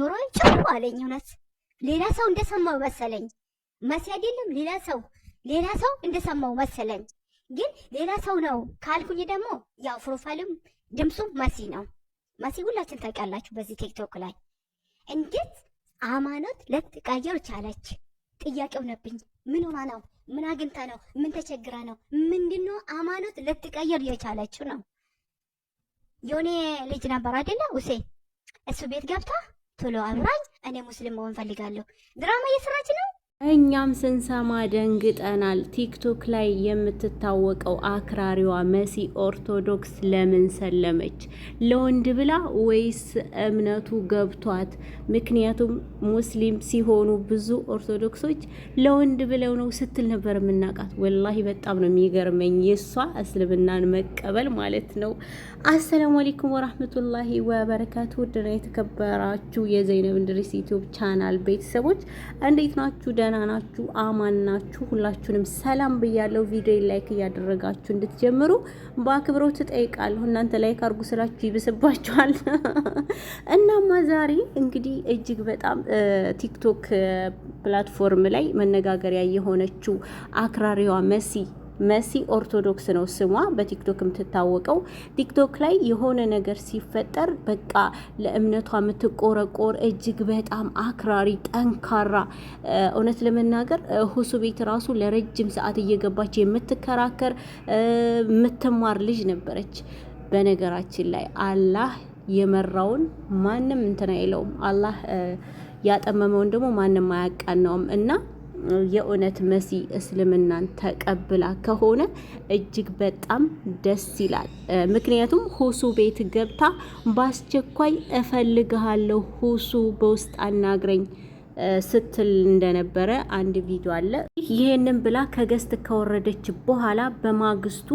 ጆሮ ጭው አለኝ። እውነት ሌላ ሰው እንደሰማው መሰለኝ። መሲ አይደለም ሌላ ሰው ሌላ ሰው እንደሰማው መሰለኝ። ግን ሌላ ሰው ነው ካልኩኝ ደግሞ ያው ፕሮፋይልም ድምፁም መሲ ነው። መሲ ሁላችን ታውቃላችሁ። በዚህ ቲክቶክ ላይ እንዴት አማኖት ልትቀይር ቻለች? ጥያቄው ነብኝ። ምን ሆና ነው? ምን አግኝታ ነው? ምን ተቸግራ ነው? ምንድነው አማኖት ልትቀይር የቻለችው ነው? የሆነ ልጅ ነበር አይደለ? ውሴ እሱ ቤት ገብታ ቶሎ አብራኝ፣ እኔ ሙስሊም መሆን ፈልጋለሁ። ድራማ እየሰራች ነው እኛም ስንሰማ ደንግጠናል። ቲክቶክ ላይ የምትታወቀው አክራሪዋ መሲ ኦርቶዶክስ ለምን ሰለመች? ለወንድ ብላ ወይስ እምነቱ ገብቷት? ምክንያቱም ሙስሊም ሲሆኑ ብዙ ኦርቶዶክሶች ለወንድ ብለው ነው ስትል ነበር የምናውቃት። ወላሂ በጣም ነው የሚገርመኝ የእሷ እስልምናን መቀበል ማለት ነው። አሰላሙ አሌይኩም ወራህመቱላሂ ወበረካቱ። ውድና የተከበራችሁ የዘይነብ እንድሪስ ዩቲዩብ ቻናል ቤተሰቦች እንዴት ናችሁ? ደህና ናችሁ? አማን ናችሁ? ሁላችሁንም ሰላም ብያለሁ። ቪዲዮ ላይክ እያደረጋችሁ እንድትጀምሩ በአክብሮት እጠይቃለሁ። እናንተ ላይክ አድርጉ ስላችሁ ይብስባችኋል። እናማ ዛሬ እንግዲህ እጅግ በጣም ቲክቶክ ፕላትፎርም ላይ መነጋገሪያ የሆነችው አክራሪዋ መሲ መሲ ኦርቶዶክስ ነው ስሟ በቲክቶክ የምትታወቀው። ቲክቶክ ላይ የሆነ ነገር ሲፈጠር በቃ ለእምነቷ የምትቆረቆር እጅግ በጣም አክራሪ ጠንካራ፣ እውነት ለመናገር ሁሱ ቤት ራሱ ለረጅም ሰዓት እየገባች የምትከራከር የምትማር ልጅ ነበረች። በነገራችን ላይ አላህ የመራውን ማንም እንትን አይለውም። አላህ ያጠመመውን ደግሞ ማንም አያቃናውም እና የእውነት መሲ እስልምናን ተቀብላ ከሆነ እጅግ በጣም ደስ ይላል። ምክንያቱም ሁሱ ቤት ገብታ በአስቸኳይ እፈልግሃለሁ፣ ሁሱ በውስጥ አናግረኝ ስትል እንደነበረ አንድ ቪዲዮ አለ። ይህንን ብላ ከገስት ከወረደች በኋላ በማግስቱ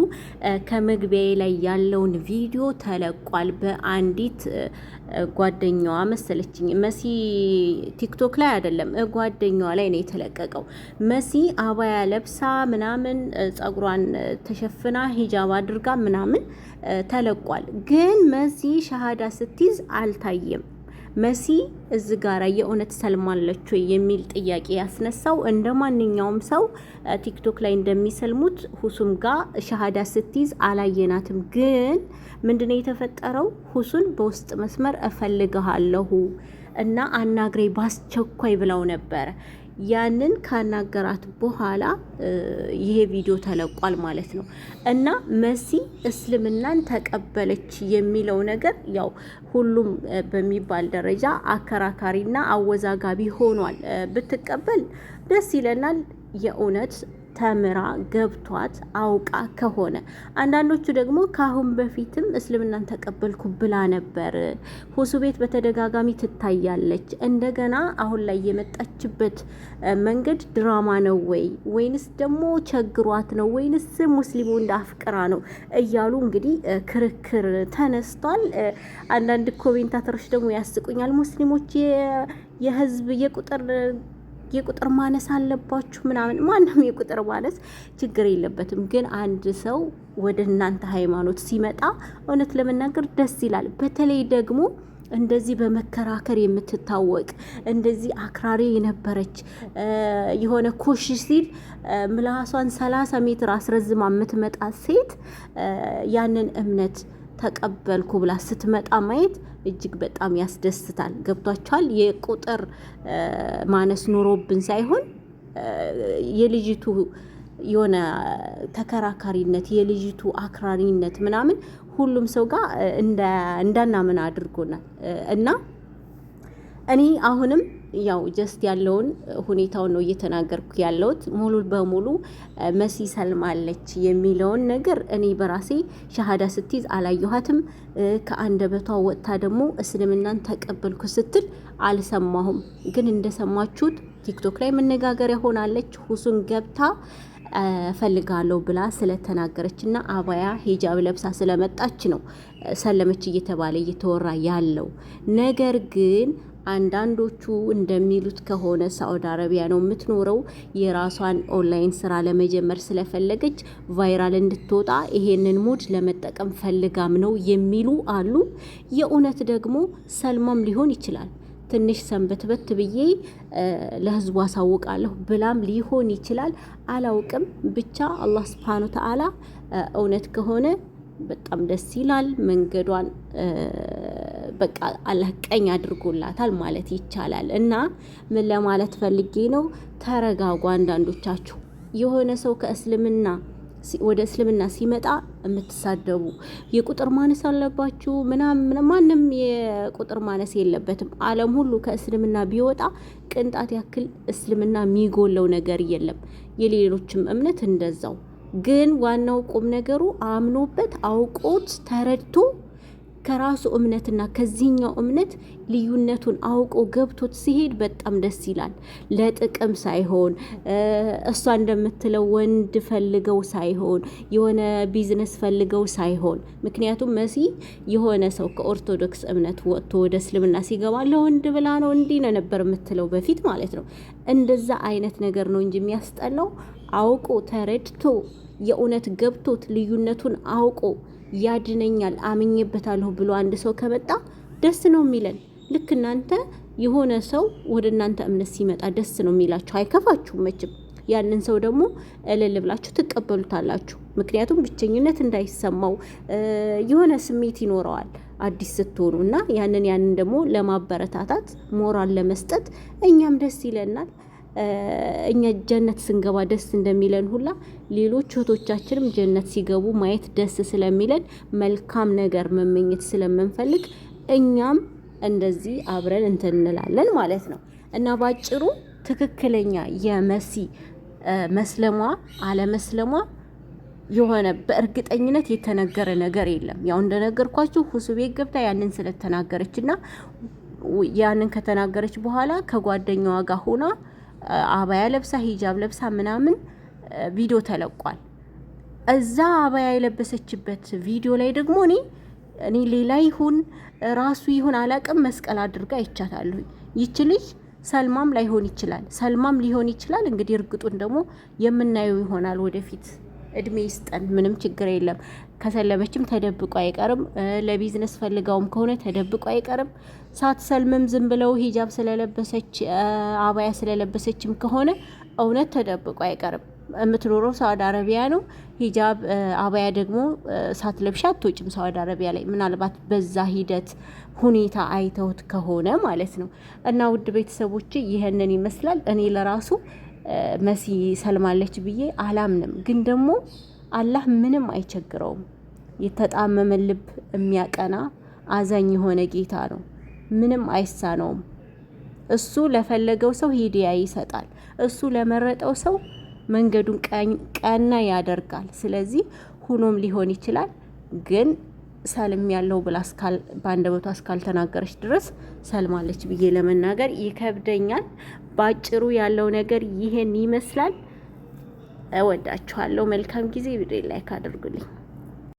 ከመግቢያ ላይ ያለውን ቪዲዮ ተለቋል። በአንዲት ጓደኛዋ መሰለችኝ መሲ ቲክቶክ ላይ አይደለም ጓደኛዋ ላይ ነው የተለቀቀው። መሲ አባያ ለብሳ ምናምን ጸጉሯን ተሸፍና ሂጃብ አድርጋ ምናምን ተለቋል። ግን መሲ ሻሃዳ ስትይዝ አልታየም። መሲ እዚ ጋራ የእውነት ሰልማለች ወይ የሚል ጥያቄ ያስነሳው እንደ ማንኛውም ሰው ቲክቶክ ላይ እንደሚሰልሙት ሁሱም ጋር ሻሃዳ ስትይዝ አላየናትም። ግን ምንድነው የተፈጠረው? ሁሱን በውስጥ መስመር እፈልግሃለሁ እና አናግሬ ባስቸኳይ ብለው ነበር። ያንን ካናገራት በኋላ ይሄ ቪዲዮ ተለቋል ማለት ነው። እና መሲ እስልምናን ተቀበለች የሚለው ነገር ያው ሁሉም በሚባል ደረጃ አከራካሪና አወዛጋቢ ሆኗል። ብትቀበል ደስ ይለናል የእውነት ተምራ ገብቷት አውቃ ከሆነ አንዳንዶቹ ደግሞ ከአሁን በፊትም እስልምናን ተቀበልኩ ብላ ነበር። ሁሱ ቤት በተደጋጋሚ ትታያለች። እንደገና አሁን ላይ የመጣችበት መንገድ ድራማ ነው ወይ ወይንስ ደግሞ ቸግሯት ነው ወይንስ ሙስሊሙ እንዳፍቅራ ነው እያሉ እንግዲህ ክርክር ተነስቷል። አንዳንድ ኮሜንታተሮች ደግሞ ያስቁኛል። ሙስሊሞች የህዝብ የቁጥር የቁጥር ማነስ አለባችሁ ምናምን። ማንም የቁጥር ማነስ ችግር የለበትም። ግን አንድ ሰው ወደ እናንተ ሃይማኖት ሲመጣ እውነት ለመናገር ደስ ይላል። በተለይ ደግሞ እንደዚህ በመከራከር የምትታወቅ እንደዚህ አክራሪ የነበረች የሆነ ኮሽ ሲል ምላሷን ሰላሳ ሜትር አስረዝማ የምትመጣ ሴት ያንን እምነት ተቀበልኩ ብላ ስትመጣ ማየት እጅግ በጣም ያስደስታል። ገብቷቸዋል። የቁጥር ማነስ ኑሮብን ሳይሆን የልጅቱ የሆነ ተከራካሪነት የልጅቱ አክራሪነት ምናምን ሁሉም ሰው ጋር እንዳናምን አድርጎናል እና እኔ አሁንም ያው ጀስት ያለውን ሁኔታውን ነው እየተናገርኩ ያለሁት። ሙሉ በሙሉ መሲ ሰልማለች የሚለውን ነገር እኔ በራሴ ሸሃዳ ስትይዝ አላየኋትም። ከአንደበቷ ወጥታ ደግሞ እስልምናን ተቀበልኩ ስትል አልሰማሁም። ግን እንደሰማችሁት ቲክቶክ ላይ መነጋገሪያ ሆናለች። ሁሱን ገብታ ፈልጋለሁ ብላ ስለተናገረች እና አባያ ሂጃብ ለብሳ ስለመጣች ነው ሰለመች እየተባለ እየተወራ ያለው ነገር ግን አንዳንዶቹ እንደሚሉት ከሆነ ሳዑዲ አረቢያ ነው የምትኖረው። የራሷን ኦንላይን ስራ ለመጀመር ስለፈለገች ቫይራል እንድትወጣ ይሄንን ሙድ ለመጠቀም ፈልጋም ነው የሚሉ አሉ። የእውነት ደግሞ ሰልማም ሊሆን ይችላል ትንሽ ሰንበትበት ብዬ ለህዝቡ አሳውቃለሁ ብላም ሊሆን ይችላል። አላውቅም። ብቻ አላህ ስብሓነ ተዓላ እውነት ከሆነ በጣም ደስ ይላል መንገዷን በቃ አላህ ቀኝ አድርጎላታል ማለት ይቻላል። እና ምን ለማለት ፈልጌ ነው፣ ተረጋጉ። አንዳንዶቻችሁ የሆነ ሰው ከእስልምና ወደ እስልምና ሲመጣ የምትሳደቡ የቁጥር ማነስ አለባችሁ ምናምን፣ ማንም የቁጥር ማነስ የለበትም። ዓለም ሁሉ ከእስልምና ቢወጣ ቅንጣት ያክል እስልምና የሚጎለው ነገር የለም። የሌሎችም እምነት እንደዛው። ግን ዋናው ቁም ነገሩ አምኖበት አውቆት ተረድቶ ከራሱ እምነትና ከዚህኛው እምነት ልዩነቱን አውቆ ገብቶት ሲሄድ በጣም ደስ ይላል። ለጥቅም ሳይሆን እሷ እንደምትለው ወንድ ፈልገው ሳይሆን የሆነ ቢዝነስ ፈልገው ሳይሆን፣ ምክንያቱም መሲ የሆነ ሰው ከኦርቶዶክስ እምነት ወጥቶ ወደ እስልምና ሲገባ ለወንድ ብላ ነው እንዲህ ነው ነበር የምትለው በፊት ማለት ነው። እንደዛ አይነት ነገር ነው እንጂ የሚያስጠላው አውቆ ተረድቶ የእውነት ገብቶት ልዩነቱን አውቆ ያድነኛል አምኜበታለሁ ብሎ አንድ ሰው ከመጣ ደስ ነው የሚለን። ልክ እናንተ የሆነ ሰው ወደ እናንተ እምነት ሲመጣ ደስ ነው የሚላችሁ፣ አይከፋችሁም መቼም። ያንን ሰው ደግሞ እልል ብላችሁ ትቀበሉታላችሁ። ምክንያቱም ብቸኝነት እንዳይሰማው የሆነ ስሜት ይኖረዋል አዲስ ስትሆኑ እና ያንን ያንን ደግሞ ለማበረታታት ሞራል ለመስጠት እኛም ደስ ይለናል። እኛ ጀነት ስንገባ ደስ እንደሚለን ሁላ ሌሎች እህቶቻችንም ጀነት ሲገቡ ማየት ደስ ስለሚለን መልካም ነገር መመኘት ስለምንፈልግ እኛም እንደዚህ አብረን እንትን እንላለን ማለት ነው እና ባጭሩ ትክክለኛ የመሲ መስለሟ አለመስለሟ የሆነ በእርግጠኝነት የተነገረ ነገር የለም። ያው እንደነገርኳችሁ ሁሱ ቤት ገብታ ያንን ስለተናገረች እና ያንን ከተናገረች በኋላ ከጓደኛዋ ጋር ሆና አባያ ለብሳ ሂጃብ ለብሳ ምናምን ቪዲዮ ተለቋል። እዛ አባያ የለበሰችበት ቪዲዮ ላይ ደግሞ እኔ እኔ ሌላ ይሁን ራሱ ይሁን አላቅም መስቀል አድርጋ ይቻታለሁኝ። ይች ልጅ ሰልማም ላይሆን ይችላል፣ ሰልማም ሊሆን ይችላል። እንግዲህ እርግጡን ደግሞ የምናየው ይሆናል ወደፊት። እድሜ ይስጠን፣ ምንም ችግር የለም። ከሰለመችም ተደብቆ አይቀርም። ለቢዝነስ ፈልጋውም ከሆነ ተደብቆ አይቀርም። ሳትሰልምም ዝም ብለው ሂጃብ ስለለበሰች አባያ ስለለበሰችም ከሆነ እውነት ተደብቆ አይቀርም። የምትኖረው ሳውዲ አረቢያ ነው። ሂጃብ አባያ ደግሞ ሳትለብሻ አትወጭም ሳውዲ አረቢያ ላይ። ምናልባት በዛ ሂደት ሁኔታ አይተውት ከሆነ ማለት ነው። እና ውድ ቤተሰቦች ይህንን ይመስላል። እኔ ለራሱ መሲ ሰልማለች ብዬ አላምንም፣ ግን ደግሞ አላህ ምንም አይቸግረውም። የተጣመመን ልብ የሚያቀና አዛኝ የሆነ ጌታ ነው። ምንም አይሳነውም። እሱ ለፈለገው ሰው ሂዲያ ይሰጣል። እሱ ለመረጠው ሰው መንገዱን ቀና ያደርጋል። ስለዚህ ሁኖም ሊሆን ይችላል ግን ሰልም ያለው ብላ በአንደበቷ እስካልተናገረች ድረስ ሰልማለች ብዬ ለመናገር ይከብደኛል። በአጭሩ ያለው ነገር ይሄን ይመስላል። እወዳችኋለሁ። መልካም ጊዜ። ቪዲዮ ላይክ አድርጉልኝ።